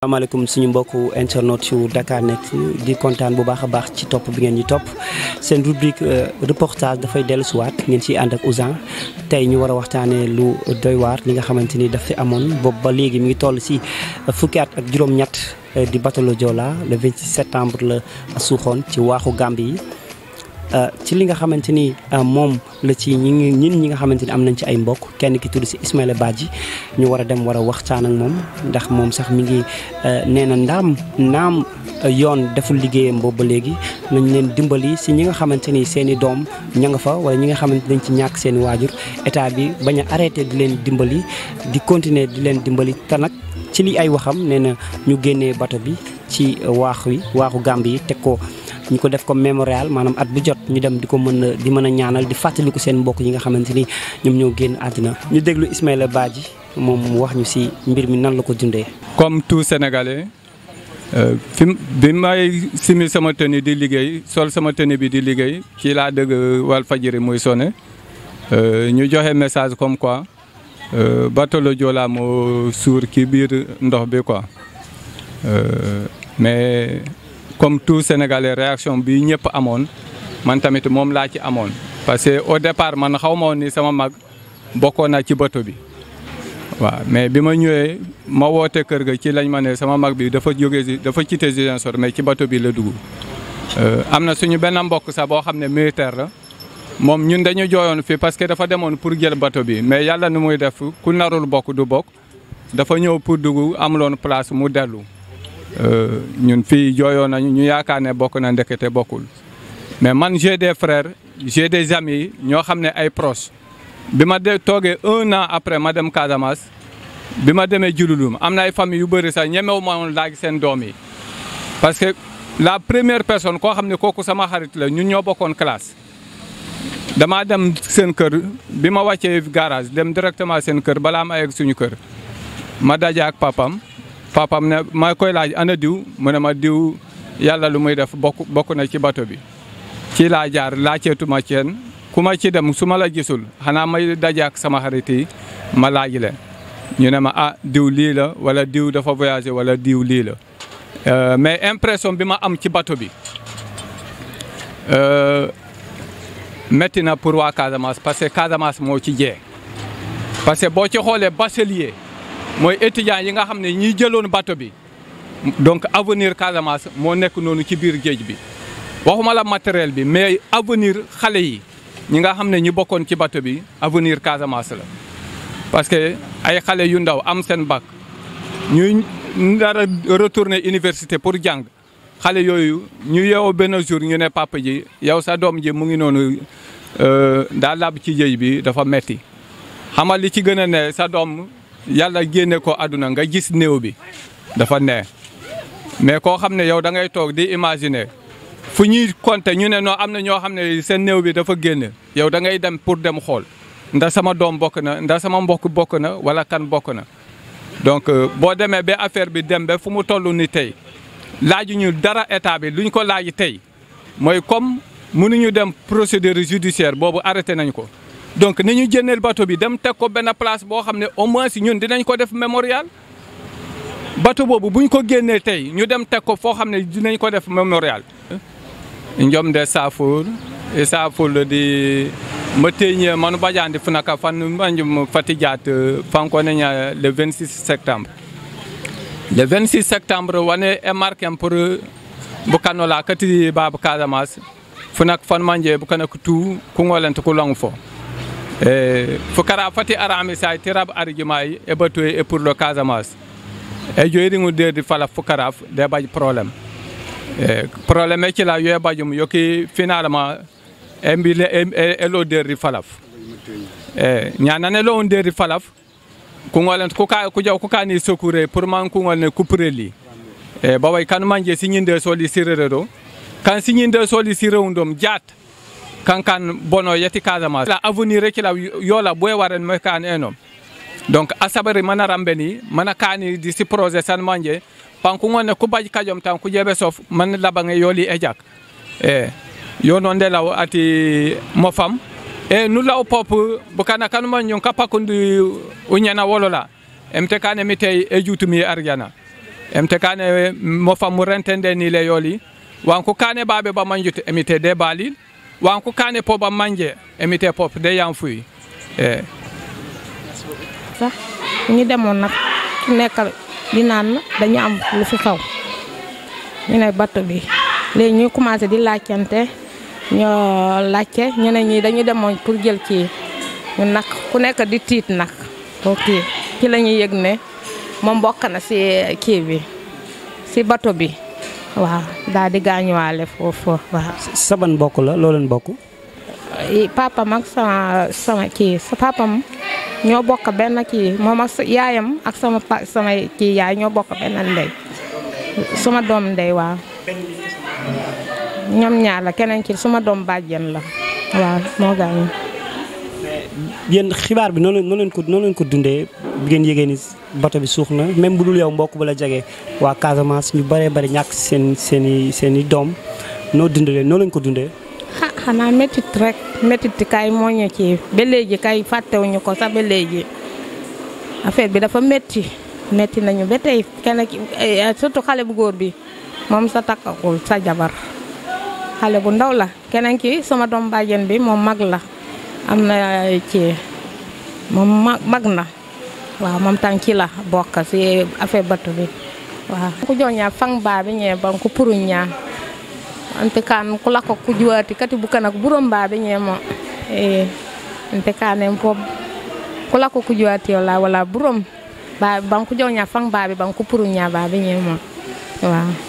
asalaamaaleykum suñu mbokku internet yu Dakar Net di kontaan bu baax a baax ci topp bi ngeen ñu topp seen rubrique euh, reportage dafay dellusiwaat ngeen ciy ànd ak Ouzin tey ñu war a waxtaanee lu doy li nga xamante ni daf fi amoon boobu ba léegi mi ngi toll si euh, fukki at ak juróom-ñett euh, di batalo Joola le 26 septembre la suuxoon ci waaxu Gambie yi. Euh, ci li nga xamante ni euh, moom la ci ñi ñin ñi nga xamante ni am nañ ci ay mbokk kenn ki tudd si Ismaïla Badji ñu war a dem war a waxtaan ak moom ndax moom sax mi ngi euh, nee na ndaam naam yoon deful liggéeyam boobu ba léegi nañ leen dimbali si ñi nga xamante ni seen i doom ña nga fa wala ñi nga xamante dañ ci ñàkk seen waajur état bi bañ a arrêté di leen dimbali di continuer di leen dimbali te nag ci li ay waxam nee na ñu génnee bato bi ci waax wi waaxu Gàmbi yi teg ko ñu ko def comme mémorial maanaam at bu jot ñu dem di ko mën di mën a ñaanal di fàttaliku seen mbokk yi nga xamante ni ñoom ñoo génn àddina ñu déglu Ismaïla baaj moom mu wax ñu si mbir mi nan la ko dundee. comme tout sénégalais euh, fi bi may simi sama tenue di liggéey sol sama tenue bi di liggéey ci laa dëgg Walfadjri muy sonné euh, ñu joxe message comme quoi euh, bateau le Joola moo suur ki biir ndox bi quoi mais. comme tout sénégalais réaction bi ñëpp amoon man tamit moom laa ci amoon. parce que au départ man xaw ma woon ni sama mag bokkoon na ci bato bi waaw mais bi ma ñëwee ma woote kër ga ci lañ ma ne sama mag bi dafa jóge dafa quitté Ziguinchor mais ci bato bi la dugg. Euh, am na suñu benn mbokk sax boo xam ne militaire la moom ñun dañu jooyoon fii parce que dafa demoon pour jël bato bi mais yàlla nu muy def ku narul bokk du bokk dafa ñëw pour dugg amuloon place mu dellu. Euh, ñun fii jooyoon nañu ñu yaakaar ne bokk na ndekete bokkul mais man j'ai des frères j'ai des amis ñoo xam ne ay proches bi ma de toogee un an après ma dem Casamance bi ma demee Diouloulou am na ay famille yu bëri sax ñemewu ma woon laaj seen doom yi parce que la première personne koo xam ne kooku sama xarit la ñun ñoo bokkoon classe dama dem seen kër bi ma wàccee garage dem directement seen kër balaa ma yegg suñu kër ma daje ak papam papam ne maa koy laaj ana diw mu ne ma diw yàlla lu muy def bokk bokk na ci bato bi ci laa jaar laaceetuma ceen ku ma ci dem su ma la gisul xanaa may dajaak sama xarit yi ma laaj leen ñu ne ma ah diw lii la wala diw dafa voyagé wala diw lii la euh, mais impression bi ma am ci bato bi euh, métti na pour waa Casamance parce que Casamance moo ci jee parce que boo ci xoolee bachelier mooy étudiants yi nga xam ne ñi jëloon bateau bi donc avenir Casamance moo nekk noonu ci biir géej bi waxuma la matériel bi mais avenir xale yi ñi nga xam ne ñi bokkoon ci bateau bi avenir Casamance la. parce que ay xale yu ndaw am seen bac ñu dara retourner université pour jàng xale yooyu ñu yeewoo benn jour ñu ne papa ji yow sa doom ji mu ngi noonu euh, daa lab ci jëy bi dafa metti xamal li ci gën a ne sa doom. yàlla génne ko àdduna nga gis néew bi dafa neex mais koo xam ne yow da ngay toog di imaginer fu ñuy compter ñu ne noo am na ñoo xam ne seen néew bi dafa génn yow da ngay dem pour dem xool ndax sama doom bokk na ndax sama mbokk bokk na wala kan bokk na donc euh, boo demee ba affaire bi dem ba fu mu toll ni tey laajuñu dara état bi luñ ko laaj tey mooy comme mënuñu dem procédure judiciaire boobu arrêté nañ ko donc ñu jénneel bato bi dem teg ko benn place boo xam ne au moins ñun dinañ ko def mémorial bato boobu buñ ko génnee tey ñu dem teg ko foo xam ne dinañ ko def mémorial njomde safour e la di ma teñe manu bajandi funaka fan banjum fatijat fanko nenya le 26 septembre le 26 septembre wane e marqué pour bukanola kati babu kazamas funak fan manje bukana kutu kungolent kulong fo E, fukara fati ara misai tirab arjumai e batoyi e pour le casamance e joyiriŋo deedi fala fukara de baj e, e yo e yoki finalement e mbile e lo derri falaf e ñanane lo on falaf kuŋol kujaw kukani secouré pour man kuŋol ne kupreli e baway kan manje siñinde kan siñinde soli jaat kankan bono yeti casamance la avenir e kila yola ɓoye waren moy kan eno donc asabari mana rambeni mana kani disi projet san manje pankugone kubaji kajom tan kujeɓe sof man labange yoli e jak e law ati mo fam e pop bokana kanuma jon ka uñana wolola emte kane mi tey e juutumi arjana emte kane mo fammu rentende ni yoli wanko kane baɓe bamanjut emi te de balil wanku kane poba manje emite pop de yam fuy eh sax ñu demoon nag ku nekkal di naan dañu am lu fi xaw ñu ne bato bi léegi ñuy commencé di laajcante ñoo laajte ñu ne ñii dañu demoon pour jël ci ñu nag ku nekk di tiit nag ok ci la ñuy yëg ne moom bokk na si kii bi si bato bi waaw daal di gaañuwaale foofu waaw. bokk la loo leen bokk. papam ak sama sama kii sa ñoo bokk benn kii moom ak yaayam ak sama pa sama kii yaay ñoo bokk benn ndey suma doom ndey waaw. ñoom ñaar la keneen ki suma doom bàjjen la waaw moo gaañu. yéen xibaar bi noonu leen ko noonu leen ko dundee bi ngeen yëgee bato bi suux na même bu dul yow mbokk ba la jege waa Casamance ñu bëree bëri ñàkk seen seen seeni seen doom noo dundalee noonu leen ko dundee. ah xanaa métit rek métit kay moo ñu ci ba léegi kay fàttewuñu ko sax ba léegi affaire bi dafa metti metti nañu ba tey kenn ki eh, surtout xale bu góor bi moom sa takkagul sa jabar xale bu ndaw la keneen ki sama doom bàjjen bi moom mag la. am na ci moom mag na waaw moom tam ci la bokk si affaire bato bi waaw ku joña fang baabe ñe ban ko puru ña ante kan eh, ku lako ku juwati kati bukana burom baabe ñe mo ante kan en pop ku wala burom ban ku joña fang baabe ban ko puru ña baabe waaw